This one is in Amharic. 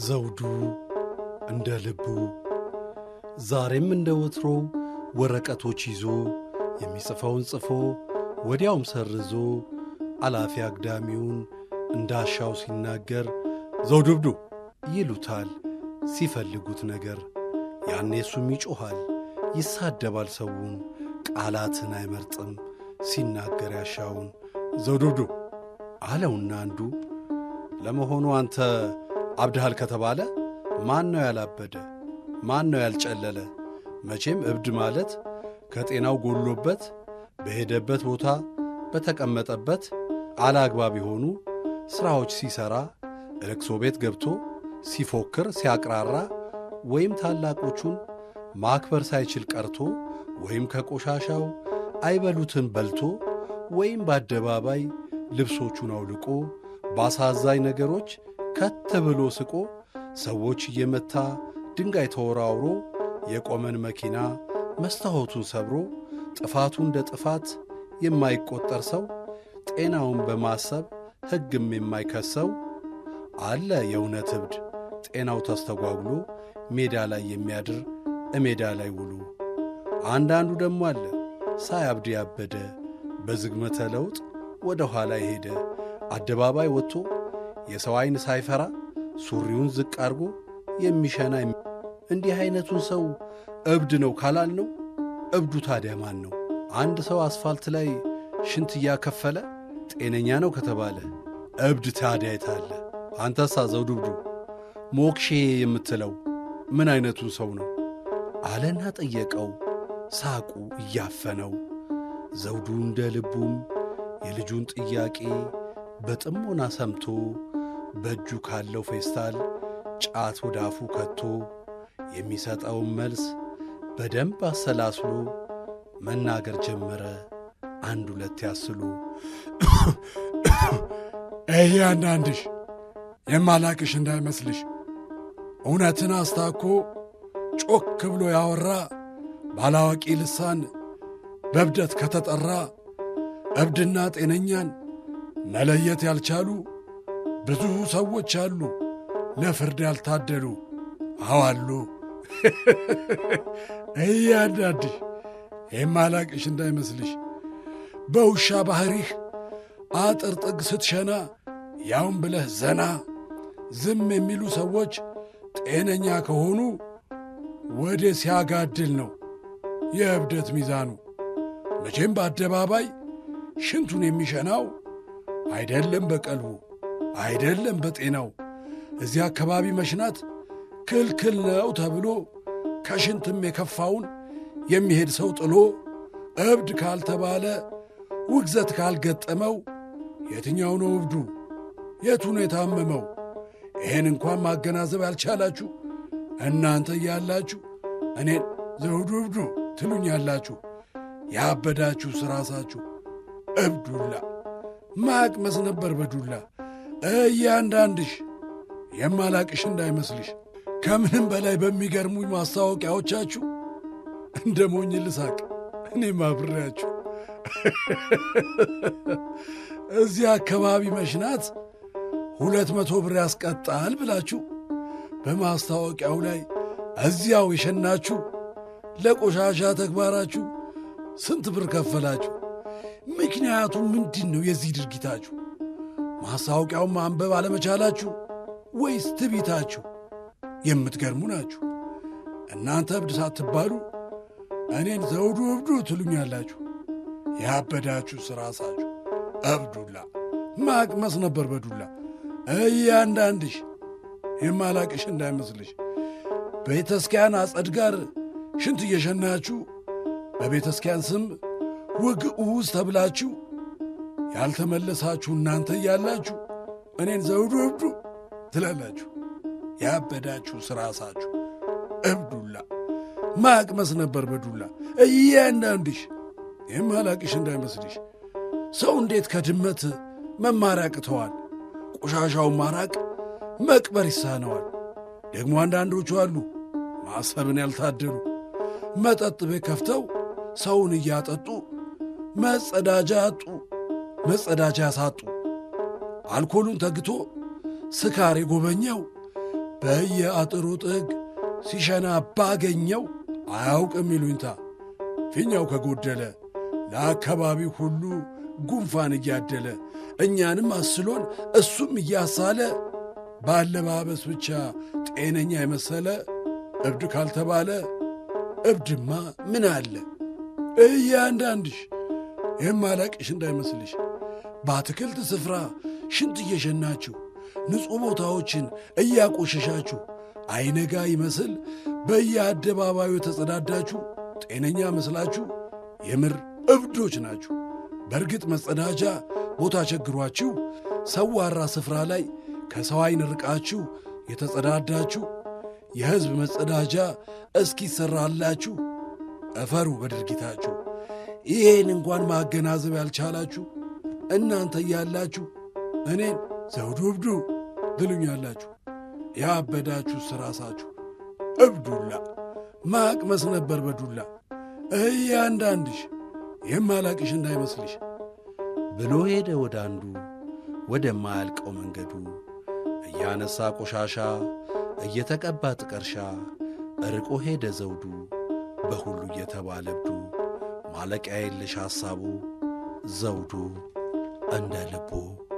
ዘውዱ እንደ ልቡ ዛሬም እንደ ወትሮ ወረቀቶች ይዞ የሚጽፈውን ጽፎ ወዲያውም ሰርዞ አላፊ አግዳሚውን እንዳሻው ሲናገር ዘውዱብዱ ይሉታል ሲፈልጉት ነገር። ያኔ እሱም ይጮኋል ይሳደባል ሰውን ቃላትን አይመርጥም ሲናገር ያሻውን ዘውዱብዱ አለውና አንዱ ለመሆኑ አንተ አብድሃል ከተባለ ማን ነው ያላበደ? ማን ነው ያልጨለለ? መቼም እብድ ማለት ከጤናው ጎሎበት በሄደበት ቦታ በተቀመጠበት አላግባብ የሆኑ ሥራዎች ሲሠራ እልቅሶ ቤት ገብቶ ሲፎክር ሲያቅራራ ወይም ታላቆቹን ማክበር ሳይችል ቀርቶ ወይም ከቆሻሻው አይበሉትን በልቶ ወይም በአደባባይ ልብሶቹን አውልቆ በአሳዛኝ ነገሮች ከት ብሎ ስቆ ሰዎች እየመታ ድንጋይ ተወራውሮ የቆመን መኪና መስታወቱን ሰብሮ ጥፋቱ እንደ ጥፋት የማይቆጠር ሰው ጤናውን በማሰብ ሕግም የማይከሰው አለ የእውነት እብድ ጤናው ተስተጓጉሎ ሜዳ ላይ የሚያድር እሜዳ ላይ ውሉ። አንዳንዱ ደግሞ አለ ሳያብድ ያበደ በዝግመተ ለውጥ ወደ ኋላ ሄደ አደባባይ ወጥቶ የሰው ዐይን ሳይፈራ ሱሪውን ዝቅ አድርጎ የሚሸና እንዲህ አይነቱን ሰው እብድ ነው ካላልነው፣ እብዱ ታዲያ ማን ነው? አንድ ሰው አስፋልት ላይ ሽንት እያከፈለ ጤነኛ ነው ከተባለ እብድ ታዲያ የታለ? አንተሳ ዘውዱብዱ ሞክሼ የምትለው ምን አይነቱን ሰው ነው አለና ጠየቀው። ሳቁ እያፈነው ዘውዱ እንደ ልቡም የልጁን ጥያቄ በጥሞና ሰምቶ በእጁ ካለው ፌስታል ጫት ወደ አፉ ከቶ የሚሰጠውን መልስ በደንብ አሰላስሎ መናገር ጀመረ። አንድ ሁለት ያስሉ ይሄ አንዳንድሽ የማላቅሽ እንዳይመስልሽ እውነትን አስታኮ ጮክ ብሎ ያወራ ባላዋቂ ልሳን በእብደት ከተጠራ እብድና ጤነኛን መለየት ያልቻሉ ብዙ ሰዎች አሉ ለፍርድ ያልታደሉ። አዋሉ እያዳድሽ የማላቅሽ እንዳይመስልሽ በውሻ ባህሪህ አጥር ጥግ ስትሸና ያውም ብለህ ዘና። ዝም የሚሉ ሰዎች ጤነኛ ከሆኑ ወደ ሲያጋድል ነው የእብደት ሚዛኑ። መቼም በአደባባይ ሽንቱን የሚሸናው አይደለም በቀልቡ አይደለም በጤናው እዚህ አካባቢ መሽናት ክልክል ነው ተብሎ ከሽንትም የከፋውን የሚሄድ ሰው ጥሎ እብድ ካልተባለ ውግዘት ካልገጠመው የትኛው ነው እብዱ? የቱ ነው የታመመው? ይሄን እንኳን ማገናዘብ ያልቻላችሁ እናንተ እያላችሁ እኔን ዘውዱ እብዱ ትሉኛላችሁ። ያበዳችሁ ስራሳችሁ እብዱላ ማቅመስ ነበር በዱላ እያንዳንድሽ የማላቅሽ እንዳይመስልሽ። ከምንም በላይ በሚገርሙኝ ማስታወቂያዎቻችሁ እንደ ሞኝ ልሳቅ፣ እኔ አብሬያችሁ። እዚህ አካባቢ መሽናት ሁለት መቶ ብር ያስቀጣል ብላችሁ በማስታወቂያው ላይ እዚያው የሸናችሁ ለቆሻሻ ተግባራችሁ ስንት ብር ከፈላችሁ? ምክንያቱ ምንድን ነው የዚህ ድርጊታችሁ? ማስታወቂያውን ማንበብ አለመቻላችሁ ወይስ ትቢታችሁ? የምትገርሙ ናችሁ። እናንተ እብድ ሳትባሉ እኔን ዘውዱ እብዱ ትሉኛላችሁ። ያበዳችሁ ስራሳችሁ እብዱላ ማቅመስ ነበር በዱላ እያንዳንድሽ የማላቅሽ እንዳይመስልሽ ቤተ ክርስቲያን አጸድ ጋር ሽንት እየሸናችሁ በቤተ ክርስቲያን ስም ውግዑዝ ተብላችሁ ያልተመለሳችሁ እናንተ እያላችሁ እኔን ዘውዱ እብዱ ትላላችሁ። ያበዳችሁ ስራሳችሁ እብዱላ ማቅመስ ነበር በዱላ እያንዳንድሽ። ይህም አላቅሽ እንዳይመስልሽ ሰው እንዴት ከድመት መማር ያቅተዋል? ቆሻሻውን ማራቅ መቅበር ይሳነዋል። ደግሞ አንዳንዶቹ አሉ ማሰብን ያልታደሉ መጠጥ ቤት ከፍተው ሰውን እያጠጡ መጸዳጃ አጡ። መጸዳጃ ሳጡ። አልኮሉን ተግቶ ስካር የጎበኘው በየአጥሩ ጥግ ሲሸና ባገኘው አያውቅም ይሉኝታ ፊኛው ከጎደለ ለአካባቢው ሁሉ ጉንፋን እያደለ እኛንም አስሎን እሱም እያሳለ በአለባበስ ብቻ ጤነኛ የመሰለ እብድ ካልተባለ እብድማ ምን አለ እያንዳንድሽ የማላቅሽ እንዳይመስልሽ በአትክልት ስፍራ ሽንት እየሸናችሁ ንጹሕ ቦታዎችን እያቆሸሻችሁ አይነጋ ይመስል በየአደባባዩ የተጸዳዳችሁ ጤነኛ መስላችሁ የምር እብዶች ናችሁ። በእርግጥ መጸዳጃ ቦታ ቸግሯችሁ ሰዋራ ስፍራ ላይ ከሰው ዓይን ርቃችሁ የተጸዳዳችሁ የሕዝብ መጸዳጃ እስኪሠራላችሁ እፈሩ በድርጊታችሁ። ይሄን እንኳን ማገናዘብ ያልቻላችሁ እናንተ እያላችሁ እኔን ዘውዱ ትሉኛላችሁ። ያበዳችሁ ራሳችሁ። እብዱላ ማቅመስ ነበር በዱላ እያንዳንድሽ የማላቅሽ እንዳይመስልሽ ብሎ ሄደ ወደ አንዱ ወደማያልቀው መንገዱ እያነሳ ቆሻሻ እየተቀባ ጥቀርሻ ርቆ ሄደ ዘውዱ በሁሉ እየተባለብዱ ማለቂያ የለሽ ሐሳቡ ዘውዱ እንደ ልቡ